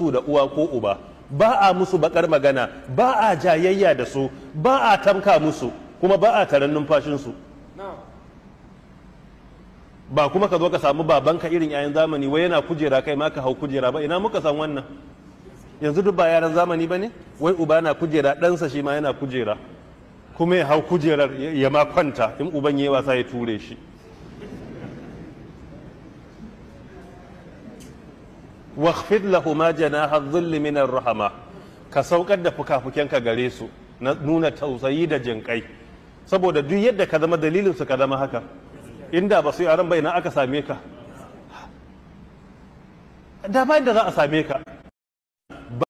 su da uwa ko uba ba a musu bakar magana ba a jayayya da su ba a tamka musu kuma ba a taron numfashinsu ba kuma ka zo ka samu babanka irin yayan zamani wai yana kujera kai ma ka hau kujera ba ina muka san wannan yanzu duk ba yaran zamani ba ne wai uba na kujera ɗansa shi ma yana kujera kuma ya hau kujerar ya ma kwanta in uban ya yi wasa ya ture shi wakhfid lahuma har dhilli min rahama ka saukar da fukafukenka gare su na nuna tausayi da jinkai saboda duk yadda ka zama dalilin ka zama haka inda ba su yaran bai na aka same ka da bayan da za a same ka